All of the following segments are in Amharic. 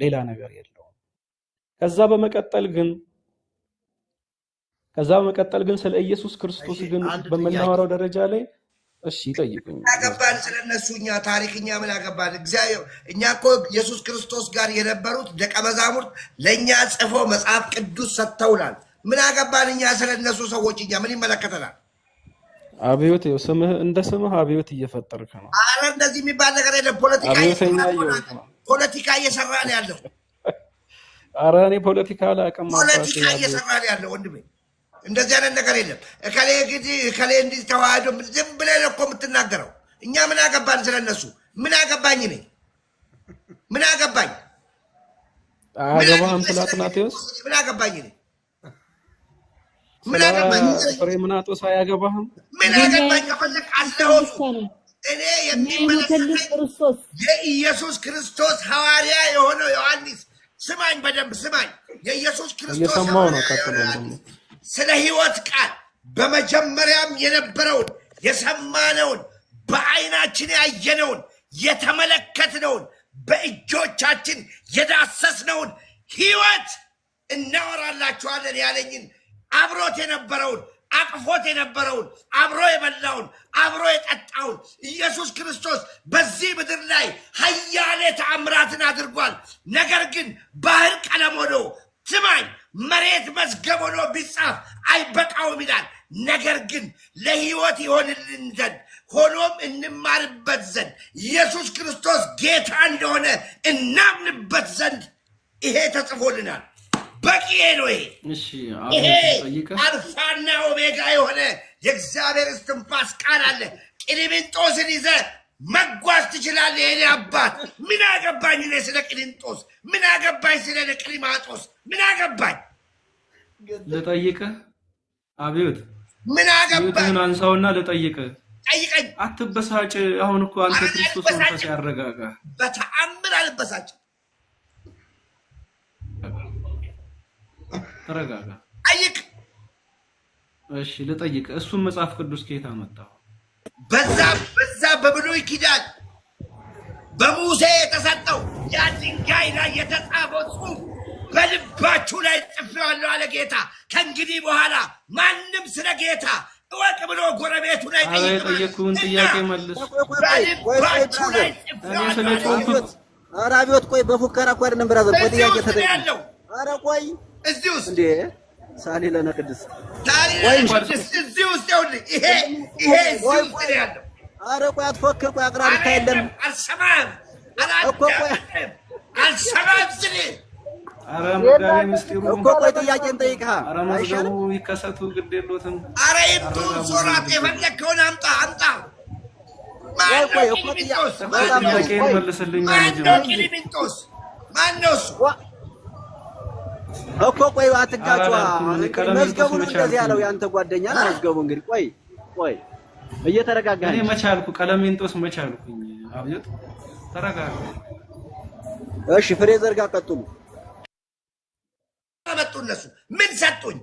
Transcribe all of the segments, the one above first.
ነው ሌላ ነገር የለውም። ከዛ በመቀጠል ግን ከዛ በመቀጠል ግን ስለ ኢየሱስ ክርስቶስ ግን በምናወራው ደረጃ ላይ እሺ ይጠይቁኝ ያገባን ስለነሱ እኛ ታሪክኛ ምን ያገባን? እግዚአብሔር እኛ እኮ ኢየሱስ ክርስቶስ ጋር የነበሩት ደቀ መዛሙርት ለእኛ ጽፎ መጽሐፍ ቅዱስ ሰጥተውናል። ምን አገባን እኛ ስለነሱ ሰዎች እኛ ምን ይመለከተናል? አብዮት ይኸው ስምህ እንደ ስምህ አብዮት እየፈጠርክ ነው። አረ እንደዚህ የሚባል ነገር የለም። ፖለቲካ አብዮተኛ ነው። ፖለቲካ እየሰራ ነው ያለው። ኧረ እኔ ፖለቲካ አላውቅም። ፖለቲካ እየሰራ ነው ያለው ወንድሜ። እንደዚህ አይነት ነገር የለም። እከሌ ግዲ እከሌ እንዲህ ተዋህዶ ዝም ብለህ እኮ የምትናገረው እኛ ምን አገባን ስለነሱ? ምን አገባኝ እኔ ምን አገባኝ? አገባህም ስለ ምን አገባኝ እኔ ምን አገባኝ? ፍሬ ምናጦስ አያገባህም ምን አገባኝ? ከፈለግ አስተወሱ እኔ የሚመለከተኝ የኢየሱስ ክርስቶስ ሐዋርያ የሆነው ዮሐንስ ስማኝ፣ በደንብ ስማኝ። የኢየሱስ ክርስቶስ ስለ ሕይወት ቃል በመጀመሪያም የነበረውን የሰማነውን በዓይናችን ያየነውን የተመለከትነውን በእጆቻችን የዳሰስነውን ሕይወት እናወራላችኋለን ያለኝን አብሮት የነበረውን አቅፎት የነበረውን አብሮ የበላውን አብሮ የጠጣውን ኢየሱስ ክርስቶስ በዚህ ምድር ላይ ሀያሌ ተአምራትን አድርጓል። ነገር ግን ባህር ቀለም ሆኖ ስማኝ፣ መሬት መዝገብ ሆኖ ቢጻፍ አይበቃውም ይላል። ነገር ግን ለህይወት ይሆንልን ዘንድ ሆኖም እንማርበት ዘንድ ኢየሱስ ክርስቶስ ጌታ እንደሆነ እናምንበት ዘንድ ይሄ ተጽፎልናል። በቂ ነው። ይሄ አልፋና ኦሜጋ የሆነ የእግዚአብሔር እስትንፋስ ቃል አለ። ቅሊንጦስን ይዘ መጓዝ ትችላለ የኔ አባት ምን አገባኝ እኔ ስለ ቅሊንጦስ፣ ምን አገባኝ ስለ ቅሊማጦስ፣ ምን አገባኝ ልጠይቅህ። አብዮት ምን አገባኝ አንሳውና ልጠይቅህ። ጠይቀኝ፣ አትበሳጭ። አሁን እኮ አንተ ክርስቶስ መንፈስ ያረጋጋ። በተአምር አልበሳጭ ተረጋጋ። ጠይቅ። እሺ ልጠይቅ። እሱን መጽሐፍ ቅዱስ ከየት አመጣው? በዛ በዛ በብሉይ ኪዳን በሙሴ የተሰጠው ያ ድንጋይ ላይ የተጻፈው ጽሑፍ በልባችሁ ላይ ጽፌዋለሁ አለ ጌታ። ከእንግዲህ በኋላ ማንም ስለ ጌታ እወቅ ብሎ ጎረቤቱ ላይ ጠይቅጠየቅኩን ጥያቄ መልስ። በልባችሁ ላይ ጽፌዋለሁ። አራቢዎት ቆይ በፉከራ እኮ አይደለም ብራዘር፣ ጥያቄ ተጠያለው አረ ቆይ እዚህ ውስጥ እንደ ሳሌ ለነ ቅድስት እዚህ ውስጥ ይኸውልህ፣ ይሄ ይሄ እዚህ ውስጥ ነው ያለው። ኧረ ቆይ አትፎክር፣ ቆይ አቅራር ታይደም አልሰማህም እኮ ቆይ አልሰማህም ስልህ እኮ ቆይ ጥያቄ እንጠይቅህ። ኧረ ይከሰቱ ግድ የለውም። ኧረ ይምጡ ሶራት የፈለግከውን አምጣ አምጣ። ማነው ቂሊሚንጦስ? ማነው እሱ? እኮ ቆይ አትጋጩ። መዝገቡን እንደዚህ ያለው ያንተ ጓደኛ መዝገቡ። እንግዲህ ቆይ ቆይ እየተረጋጋ እኔ መቻልኩ ቀለሜንጦስ መቻልኩኝ። አብዮት ተረጋጋ። እሺ ፍሬዘር ጋር ቀጥሉ። መጡ እነሱ ምን ሰጡኝ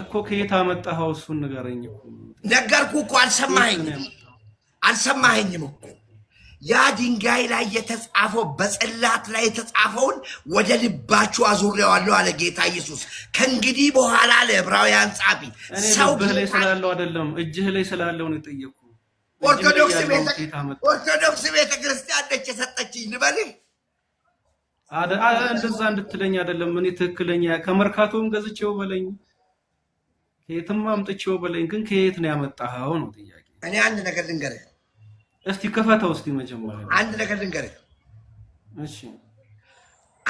እኮ ከየት አመጣኸው? እሱን ንገረኝ። ነገርኩህ እኮ አልሰማኸኝም፣ አልሰማኸኝም እኮ ያ ድንጋይ ላይ የተጻፈው በጽላት ላይ የተጻፈውን ወደ ልባችሁ አዙሬዋለሁ አለ ጌታ ኢየሱስ። ከእንግዲህ በኋላ ለዕብራውያን ጻፊ ሰው ላይ ስላለው አይደለም፣ እጅህ ላይ ስላለው ነው የጠየኩህ። ኦርቶዶክስ ቤተክርስቲያን ነች የሰጠችኝ ልበልህ። እንደዛ እንድትለኝ አይደለም። እኔ ትክክለኛ ከመርካቶም ገዝቼው በለኝ፣ ከየትም አምጥቼው በለኝ። ግን ከየት ነው ያመጣኸው ነው ጥያቄ። እኔ አንድ ነገር ልንገርህ እስቲ ከፈተው እስቲ መጀመሪያ አንድ ነገር ልንገርህ። እሺ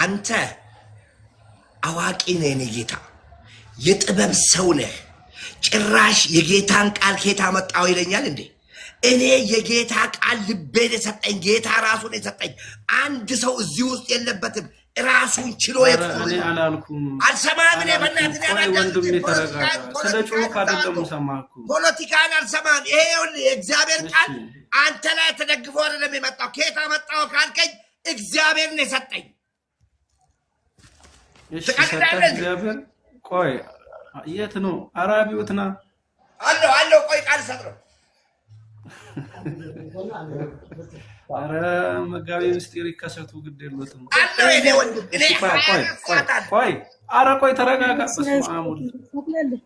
አንተ አዋቂ ነህ፣ የኔ ጌታ፣ የጥበብ ሰው ነህ። ጭራሽ የጌታን ቃል ኬታ መጣው ይለኛል እንዴ? እኔ የጌታ ቃል ልቤን የሰጠኝ ጌታ ራሱን የሰጠኝ አንድ ሰው እዚህ ውስጥ የለበትም። ራሱን ችሎ አልሰማህም። እኔ በእናትህ ፖለቲካን አልሰማህም። ይሄ የእግዚአብሔር ቃል አንተ ላይ ተደግፎ አይደለም የመጣው። ከየት አመጣው ካልከኝ እግዚአብሔር ነው የሰጠኝ። ቆይ የት ነው አራቢዎትና አለው አለው ቆይ ቃል ሰጥ ኧረ መጋቢ ምስጢር ይከሰቱ ግድ የለትም። ቆይ ኧረ ቆይ ተረጋጋ። ስማሙል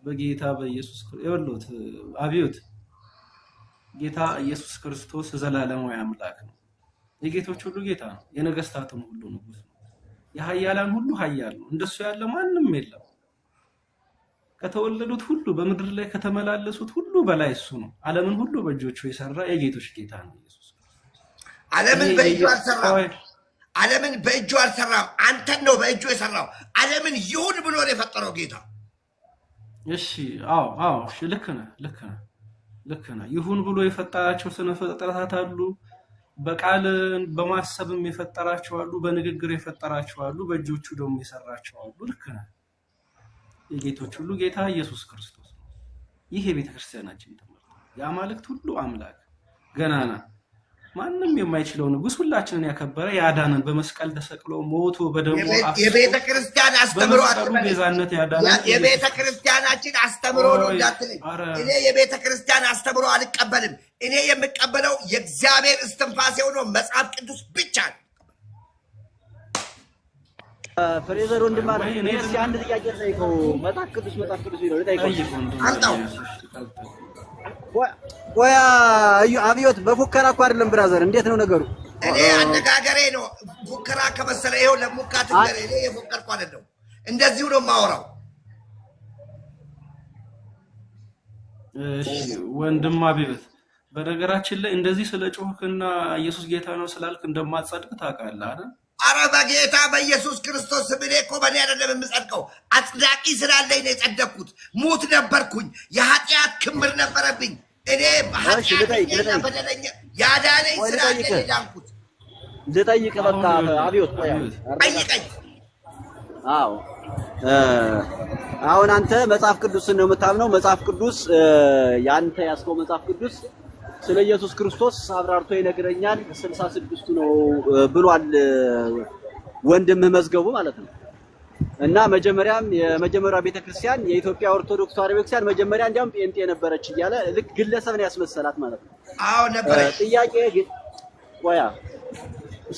በጌታ በኢየሱስ የበሉት አብዮት ጌታ ኢየሱስ ክርስቶስ ዘላለማዊ አምላክ ነው። የጌቶች ሁሉ ጌታ ነው። የነገስታትም ሁሉ ንጉስ ነው። የሀያላን ሁሉ ሀያል ነው። እንደሱ ያለ ማንም የለም። ከተወለዱት ሁሉ በምድር ላይ ከተመላለሱት ሁሉ በላይ እሱ ነው። ዓለምን ሁሉ በእጆቹ የሰራ የጌቶች ጌታ ነው ኢየሱስ ዓለምን በእጁ አልሰራም። ዓለምን በእጁ አልሰራም። አንተን ነው በእጁ የሰራው። ዓለምን ይሁን ብሎ ነው የፈጠረው ጌታ። እሺ፣ አዎ፣ አዎ፣ እሺ፣ ልክ ነህ፣ ልክ ነህ፣ ልክ ነህ። ይሁን ብሎ የፈጠራቸው ስነ ፍጥረታት አሉ። በቃል በማሰብም የፈጠራቸው አሉ፣ በንግግር የፈጠራቸው አሉ፣ በእጆቹ ደግሞ የሰራቸው አሉ። ልክ ነህ። የጌቶች ሁሉ ጌታ ኢየሱስ ክርስቶስ ነው። ይህ የቤተክርስቲያናችን ትምህርት የአማልክት ሁሉ አምላክ ገናና ማንም የማይችለው ንጉስ ሁላችንን ያከበረ ያዳነን በመስቀል ተሰቅሎ ሞቶ በደሞ የቤተ ክርስቲያን አስተምሮ ቤዛነት ያዳነን የቤተ ክርስቲያናችን አስተምሮ ነው እንዳትልኝ። እኔ የቤተ ክርስቲያን አስተምሮ አልቀበልም። እኔ የምቀበለው የእግዚአብሔር እስትንፋሴ ሆኖ መጽሐፍ ቅዱስ ብቻ ነው። ፍሬዘር ወንድማር አንድ ጥያቄ ጠይቀው። መጽሐፍ ቅዱስ መጽሐፍ ቅዱስ ነው ጠይቀው። ቆያ አብዮት በፉከራ እኮ አይደለም ብራዘር፣ እንዴት ነው ነገሩ? እኔ አነጋገሬ ነው። ፉከራ ከመሰለ ይኸው ለሙካት ነገር እኔ የፎከርኩ አይደለም። እንደዚሁ ነው የማወራው። እሺ ወንድም አብዮት፣ በነገራችን ላይ እንደዚህ ስለ ጮህክና ኢየሱስ ጌታ ነው ስላልክ እንደማትጸድቅ ታውቃለህ አይደል? አረ በጌታ በኢየሱስ ክርስቶስ እኔ እኮ በኔ አይደለም የምጸድቀው፣ አጽዳቂ ስላለኝ ነው የጸደቅኩት። ሙት ነበርኩኝ፣ የኃጢአት ክምር ነበረብኝ። እኔ በደለኛ ያዳነኝ ስላለኝ የዳንኩት። ልጠይቅ በቃ አብዮት ጠይቀኝ። አዎ አሁን አንተ መጽሐፍ ቅዱስን ነው የምታምነው። መጽሐፍ ቅዱስ የአንተ ያስከው መጽሐፍ ቅዱስ ስለ ኢየሱስ ክርስቶስ አብራርቶ ይነግረኛል። ስልሳ ስድስቱ ነው ብሏል ወንድም መዝገቡ ማለት ነው። እና መጀመሪያም የመጀመሪያ ቤተክርስቲያን የኢትዮጵያ ኦርቶዶክስ ተዋሕዶ ቤተክርስቲያን መጀመሪያ እንዲያውም ጴንጤ ነበረች እያለ ልክ ግለሰብ ነው ያስመሰላት ማለት ነው። አዎ ነበረች። ጥያቄ ግን ቆያ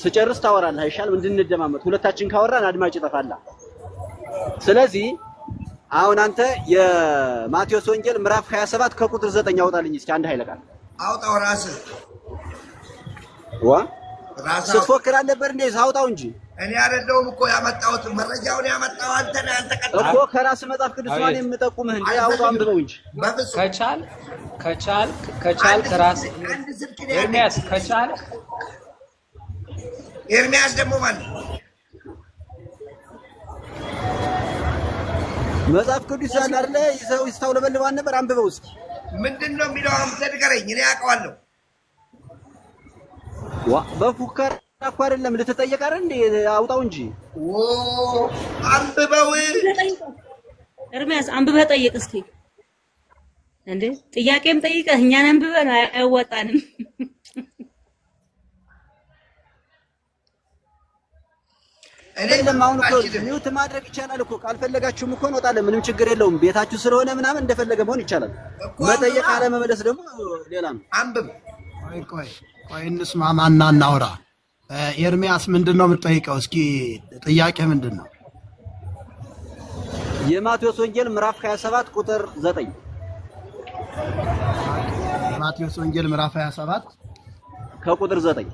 ስጨርስ ታወራለህ አይሻልም? እንድንደማመጥ ሁለታችን ካወራን አድማጭ ይጠፋላ። ስለዚህ አሁን አንተ የማቴዎስ ወንጌል ምዕራፍ 27 ከቁጥር 9 ያወጣልኝ እስኪ አንድ ኃይለ ቃል አውጣው ራስህ ዋ ስትፎክር አልነበር እንዴ? አውጣው እንጂ እኔ አይደለሁም እኮ ያመጣሁት መረጃውን ያመጣው አንተ ነህ። አንተ ቀጥታ እኮ ከራስህ መጽሐፍ ቅዱስ ነው የምጠቁምህ እንጂ አውጣው አንብበው እንጂ ከቻል ከቻል ከቻል ከራስህ ኤርሚያስ ከቻል ኤርሚያስ ደግሞ ማለት መጽሐፍ ቅዱስ ያን አይደለ ይዘው ይስተውለበልባል ነበር አንብበው እስኪ ምንድን ነው የሚለው? አምተ ንገረኝ፣ እኔ አውቀዋለሁ። በፉከራ እኮ አይደለም ልትጠየቅ አይደል እንዴ? አውጣው እንጂ ኦ አንብበው። እርሚያስ አንብበህ ጠይቅ እስኪ። እንዴ ጥያቄም ጠይቀህ እኛን አንብበን አያዋጣንም። አይደለም አሁን እኮ ሚውት ማድረግ ይቻላል እኮ ካልፈለጋችሁም እኮ እንወጣለን። ምንም ችግር የለውም። ቤታችሁ ስለሆነ ምናምን እንደፈለገ መሆን ይቻላል። መጠየቅ አለመመለስ ደግሞ ሌላ ነው። አንብብ። ቆይ ቆይ ቆይ እንስማማና እናውራ። ኤርሚያስ ምንድን ነው የምትጠይቀው? እስኪ ጥያቄ ምንድን ነው? የማቴዎስ ወንጌል ምዕራፍ 27 ቁጥር 9 የማቴዎስ ወንጌል ምዕራፍ 27 ከቁጥር 9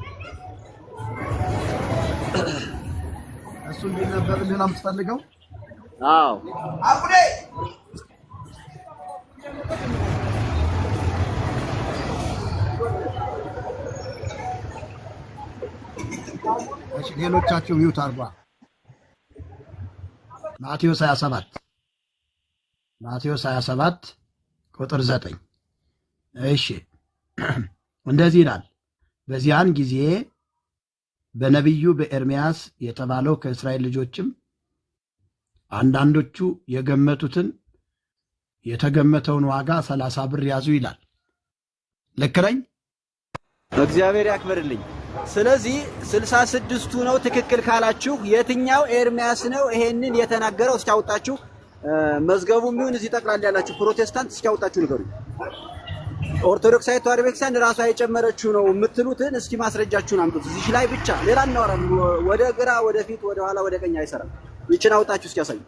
እሱ እንዴት ነበር? ሌላ የምትፈልገው? አዎ አቡዴ ሌሎቻችሁ ሚዩት አርጓ። ማቴዎስ 27 ማቴዎስ 27 ቁጥር 9 እሺ፣ እንደዚህ ይላል በዚያን ጊዜ በነቢዩ በኤርምያስ የተባለው ከእስራኤል ልጆችም አንዳንዶቹ የገመቱትን የተገመተውን ዋጋ ሰላሳ ብር ያዙ ይላል። ልክ ነኝ? እግዚአብሔር ያክብርልኝ። ስለዚህ ስልሳ ስድስቱ ነው ትክክል ካላችሁ የትኛው ኤርሚያስ ነው ይሄንን የተናገረው? እስኪያወጣችሁ መዝገቡ የሚሆን እዚህ ጠቅላላ ያላችሁ ፕሮቴስታንት እስኪያወጣችሁ ንገሩኝ። ኦርቶዶክሳዊት ተዋሕዶ ቤተክርስቲያን ራሷ የጨመረችው ነው የምትሉትን እስኪ ማስረጃችሁን አምጡት። እዚህ ላይ ብቻ ሌላ እናወራ። ወደ ግራ፣ ወደ ፊት፣ ወደ ኋላ፣ ወደ ቀኝ አይሰራም። ይችን አውጣችሁ እስኪ ያሳዩ።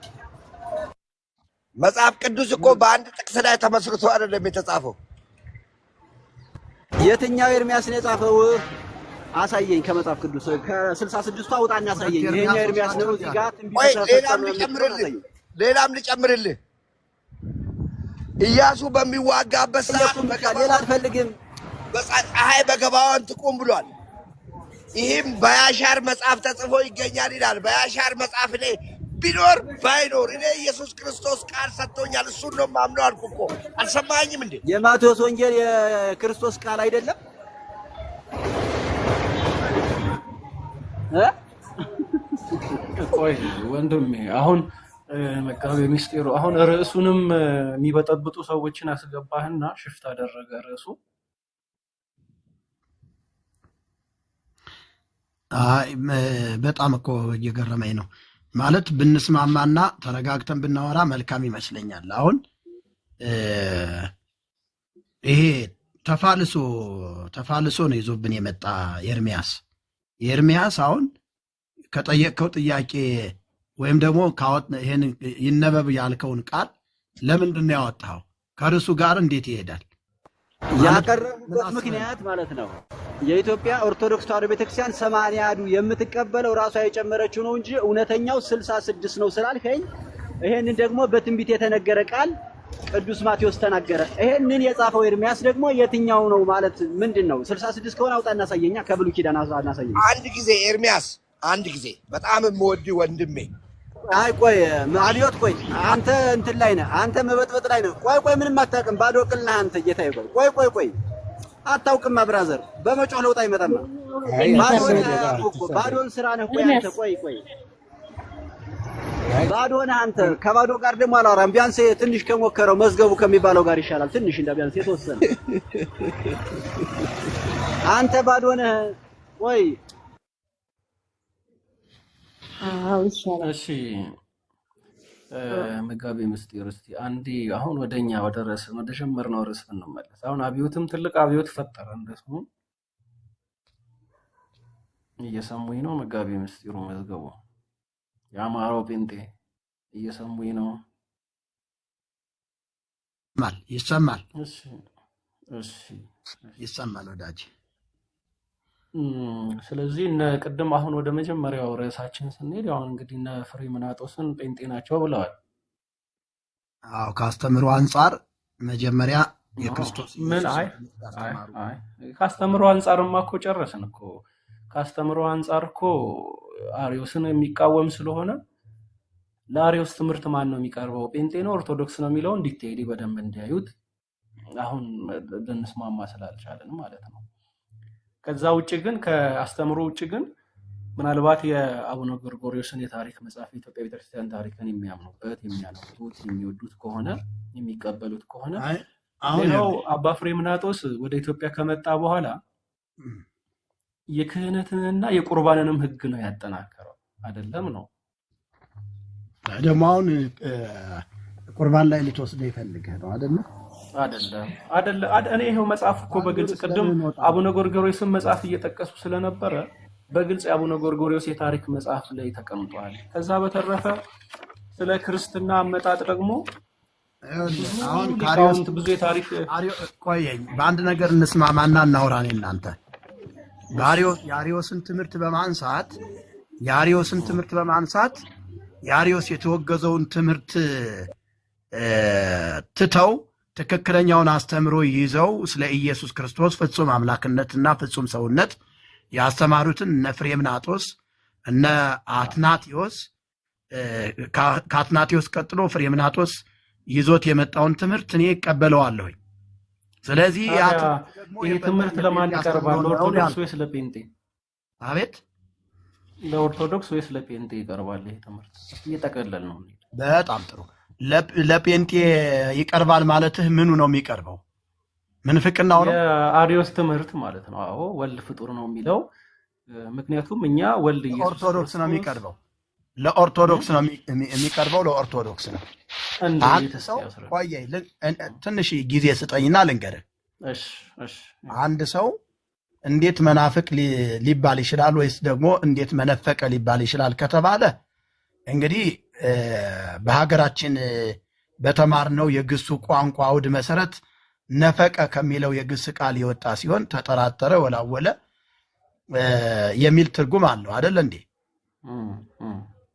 መጽሐፍ ቅዱስ እኮ በአንድ ጥቅስ ላይ ተመስርቶ አይደለም የተጻፈው። የትኛው ኤርሚያስ ነው የጻፈው አሳየኝ። ከመጽሐፍ ቅዱስ ከስልሳ ስድስቱ አውጣና አሳየኝ። ይሄኛው ኤርሚያስ ነው። እዚህ ጋር ልጨምርልህ ሌላም ልጨምርልህ እያሱ በሚዋጋበት ሰዓት ፀሐይ በገባዋን ትቁም ብሏል። ይህም በያሻር መጽሐፍ ተጽፎ ይገኛል ይላል። በያሻር መጽሐፍ እኔ ቢኖር ባይኖር እኔ ኢየሱስ ክርስቶስ ቃል ሰጥቶኛል፣ እሱን ነው የማምነው አልኩ እኮ። አልሰማኝም እንዴ? የማቴዎስ ወንጌል የክርስቶስ ቃል አይደለም? ቆይ ወንድሜ አሁን መጋቤ ምስጢሩ አሁን ርዕሱንም የሚበጠብጡ ሰዎችን አስገባህና ሽፍት አደረገ ርዕሱ። አይ በጣም እኮ እየገረመኝ ነው። ማለት ብንስማማና ተረጋግተን ብናወራ መልካም ይመስለኛል። አሁን ይሄ ተፋልሶ ተፋልሶ ነው ይዞብን የመጣ ኤርሚያስ። ኤርሚያስ አሁን ከጠየቅከው ጥያቄ ወይም ደግሞ ይሄን ይነበብ ያልከውን ቃል ለምንድን ነው ያወጣኸው? ከርሱ ጋር እንዴት ይሄዳል? ያቀረቡበት ምክንያት ማለት ነው የኢትዮጵያ ኦርቶዶክስ ተዋህዶ ቤተክርስቲያን ሰማንያዱ የምትቀበለው ራሷ የጨመረችው ነው እንጂ እውነተኛው ስልሳ ስድስት ነው ስላልከኝ ይሄንን ደግሞ በትንቢት የተነገረ ቃል ቅዱስ ማቴዎስ ተናገረ። ይሄንን የጻፈው ኤርሚያስ ደግሞ የትኛው ነው ማለት ምንድን ነው? ስልሳ ስድስት ከሆነ አውጣ እናሳየኛ፣ ከብሉይ ኪዳን እናሳየኛ። አንድ ጊዜ ኤርሚያስ፣ አንድ ጊዜ በጣም የምወድ ወንድሜ አይ ቆይ ማልዮት ቆይ አንተ እንትን ላይ ነህ፣ አንተ መበጥበጥ ላይ ነህ። ቆይ ቆይ ምንም አታውቅም፣ ባዶ ቅል አንተ። ጌታ ይቆይ ቆይ ቆይ ቆይ አታውቅም። አብራዘር በመጮህ ለውጥ አይመጣም። ባዶን ስራ ነህ። ቆይ አንተ ቆይ ቆይ ባዶ ነህ አንተ። ከባዶ ጋር ደግሞ አላወራም። ቢያንስ ትንሽ ከሞከረው መዝገቡ ከሚባለው ጋር ይሻላል። ትንሽ እንደ ቢያንስ የተወሰነ አንተ ባዶ ነህ። ቆይ እሺ መጋቤ ምስጢር እስቲ አንዴ አሁን ወደኛ ወደ ርዕስ ወደ ጀመርነው ርዕስ እንመለስ። አሁን አብዮትም ትልቅ አብዮት ፈጠረ እንደስሙ እየሰሙኝ ነው። መጋቤ ምስጢሩ መዝገቡ የአማራው ጴንጤ እየሰሙኝ ነው። ይሰማል ይሰማል ይሰማል ወዳጅ ስለዚህ እነ ቅድም አሁን ወደ መጀመሪያው ርዕሳችን ስንሄድ አሁን እንግዲህ እነ ምናጦስን ጴንጤ ናቸው ብለዋል። አዎ ከአስተምሮ አንጻር መጀመሪያ የክርስቶስ ምን አይ ከአስተምሮ አንጻርማ እኮ ጨረስን እኮ ከአስተምሮ አንጻር እኮ አሪዮስን የሚቃወም ስለሆነ ለአሪዮስ ትምህርት ማን ነው የሚቀርበው? ጴንጤ ነው ኦርቶዶክስ ነው የሚለው ዲቴይሊ በደንብ እንዲያዩት አሁን ልንስማማ ስላልቻለን ማለት ነው። ከዛ ውጭ ግን ከአስተምሮ ውጭ ግን ምናልባት የአቡነ ጎርጎርዮስን የታሪክ መጽሐፍ የኢትዮጵያ ቤተክርስቲያን ታሪክን የሚያምኑበት የሚያነቡት የሚወዱት ከሆነ የሚቀበሉት ከሆነ ሌላው አባ ምናጦስ ወደ ኢትዮጵያ ከመጣ በኋላ የክህነትንና የቁርባንንም ህግ ነው ያጠናከረው። አይደለም ነው ደግሞ አሁን ቁርባን ላይ ልትወስደ ይፈልግህ ነው አደለም አይደለም አይደለም። እኔ ይሄው መጽሐፍ እኮ በግልጽ ቅድም አቡነ ጎርጎርዮስን መጽሐፍ እየጠቀሱ ስለነበረ በግልጽ የአቡነ ጎርጎሪዎስ የታሪክ መጽሐፍ ላይ ተቀምጧል። ከዛ በተረፈ ስለ ክርስትና አመጣጥ ደግሞ አሁን ካሪዮስ ብዙ የታሪክ ቆየኝ፣ በአንድ ነገር እንስማማና እናውራን። እናንተ የአሪዮስን ትምህርት በማንሳት የአሪዮስን ትምህርት በማንሳት የአሪዮስ የተወገዘውን ትምህርት ትተው ትክክለኛውን አስተምሮ ይዘው ስለ ኢየሱስ ክርስቶስ ፍጹም አምላክነትና ፍጹም ሰውነት ያስተማሩትን እነ ፍሬምናጦስ እነ አትናቴዎስ ከአትናቴዎስ ቀጥሎ ፍሬምናጦስ ይዞት የመጣውን ትምህርት እኔ እቀበለዋለሁኝ። ስለዚህ ይህ ትምህርት ለማን ይቀርባል? ለኦርቶዶክስ ወይስ ለጴንጤ? አቤት ለኦርቶዶክስ ወይስ ለጴንጤ ይቀርባል? ይህ ትምህርት እየጠቀለል ነው። በጣም ጥሩ ለጴንጤ ይቀርባል ማለትህ ምኑ ነው የሚቀርበው? ምንፍቅናው ነው? የአሪዮስ ትምህርት ማለት ነው። አዎ ወልድ ፍጡር ነው የሚለው ምክንያቱም እኛ ወልድ ኦርቶዶክስ ነው የሚቀርበው ለኦርቶዶክስ ነው የሚቀርበው። ለኦርቶዶክስ ነው። አንድ ሰው ትንሽ ጊዜ ስጠኝና ልንገርህ። አንድ ሰው እንዴት መናፍቅ ሊባል ይችላል? ወይስ ደግሞ እንዴት መነፈቀ ሊባል ይችላል ከተባለ እንግዲህ በሀገራችን በተማርነው የግሱ ቋንቋ አውድ መሰረት ነፈቀ ከሚለው የግስ ቃል የወጣ ሲሆን ተጠራጠረ፣ ወላወለ የሚል ትርጉም አለው አደለ እንዴ?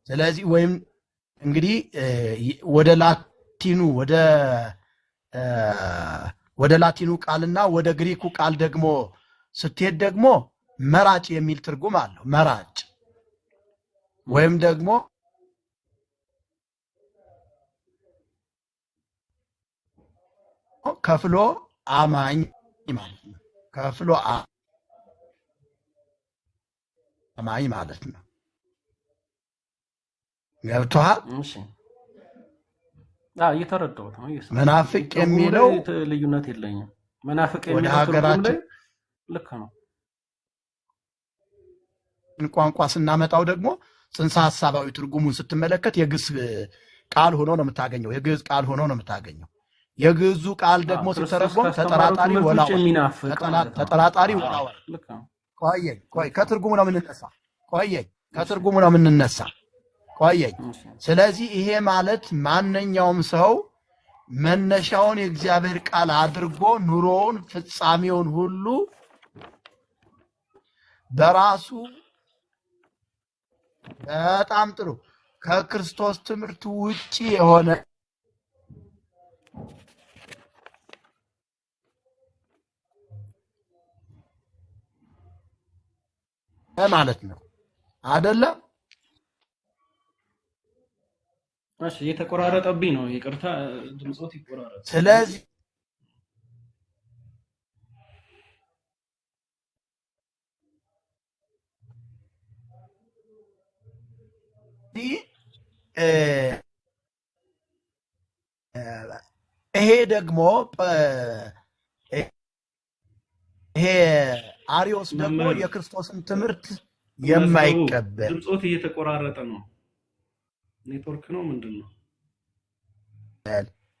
ስለዚህ ወይም እንግዲህ ወደ ላቲኑ ወደ ላቲኑ ቃልና ወደ ግሪኩ ቃል ደግሞ ስትሄድ ደግሞ መራጭ የሚል ትርጉም አለው። መራጭ ወይም ደግሞ ከፍሎ አማኝ ማለት ነው። ከፍሎ አማኝ ማለት ነው። ገብቶሃል? እየተረዳሁት ነው። መናፍቅ የሚለው ልዩነት የለኝም። መናፍቅ የሚለው ሀገራችን ልክ ነው። ቋንቋ ስናመጣው ደግሞ ጽንሰ ሀሳባዊ ትርጉሙን ስትመለከት የግዕዝ ቃል ሆኖ ነው የምታገኘው። የግዕዝ ቃል ሆኖ ነው የምታገኘው። የግዙ ቃል ደግሞ ሲተረጎም ተጠራጣሪ ወላወል ተጠራጣሪ ወላወል። ቆየኝ ቆይ ከትርጉሙ ነው የምንነሳ። ቆየኝ ከትርጉሙ ነው የምንነሳ። ቆየኝ። ስለዚህ ይሄ ማለት ማንኛውም ሰው መነሻውን የእግዚአብሔር ቃል አድርጎ ኑሮውን ፍጻሜውን ሁሉ በራሱ በጣም ጥሩ ከክርስቶስ ትምህርት ውጪ የሆነ ማለት ነው አይደለም። እሺ፣ እየተቆራረጠብኝ ነው። ይቅርታ፣ ድምፆት ይቆራረጥ። ስለዚህ ይሄ ደግሞ ይሄ አሪዮስ ደግሞ የክርስቶስን ትምህርት የማይቀበል ድምፆት እየተቆራረጠ ነው። ኔትወርክ ነው ምንድን ነው?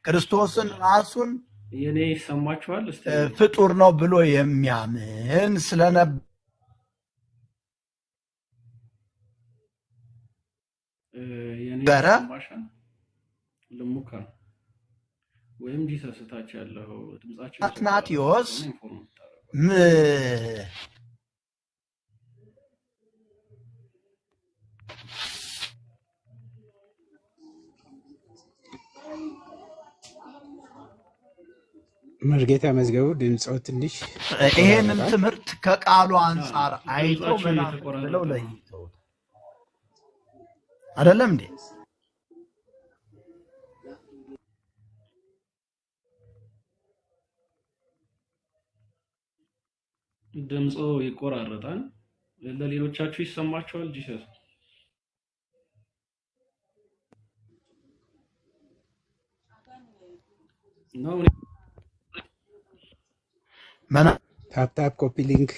ክርስቶስን ራሱን የኔ ይሰማችኋል? ፍጡር ነው ብሎ የሚያምን ስለነበረ በረ ወይም ዲሰስታች ያለው ድምጻቸው አትናቴዎስ ም መርጌታ መዝገቡ ድምፀው ትንሽ ይሄንን ትምህርት ከቃሉ አንጻር አይተው ብለው ለይተውታል። አይደለም እንዴ? ድምጾ ይቆራረጣል። ለሌሎቻችሁ ይሰማችኋል? ጂሰስ ነው። ታፕ ታፕ ኮፒ ሊንክ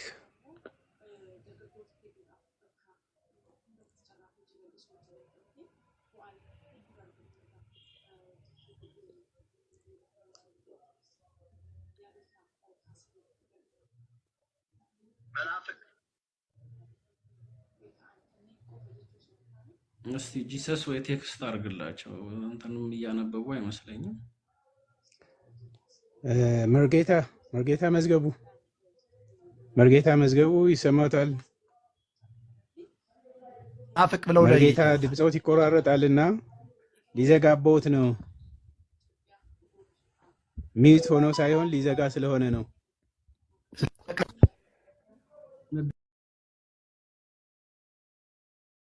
እስቲ ጂሰስ ወይ ቴክስት አድርግላቸው እንትንም እያነበቡ አይመስለኝም። መርጌታ መርጌታ መዝገቡ መርጌታ መዝገቡ ይሰማታል። አፍቅ ብለው መርጌታ ድምፀውት ይቆራረጣልና ሊዘጋበውት ነው። ሚት ሆኖ ሳይሆን ሊዘጋ ስለሆነ ነው።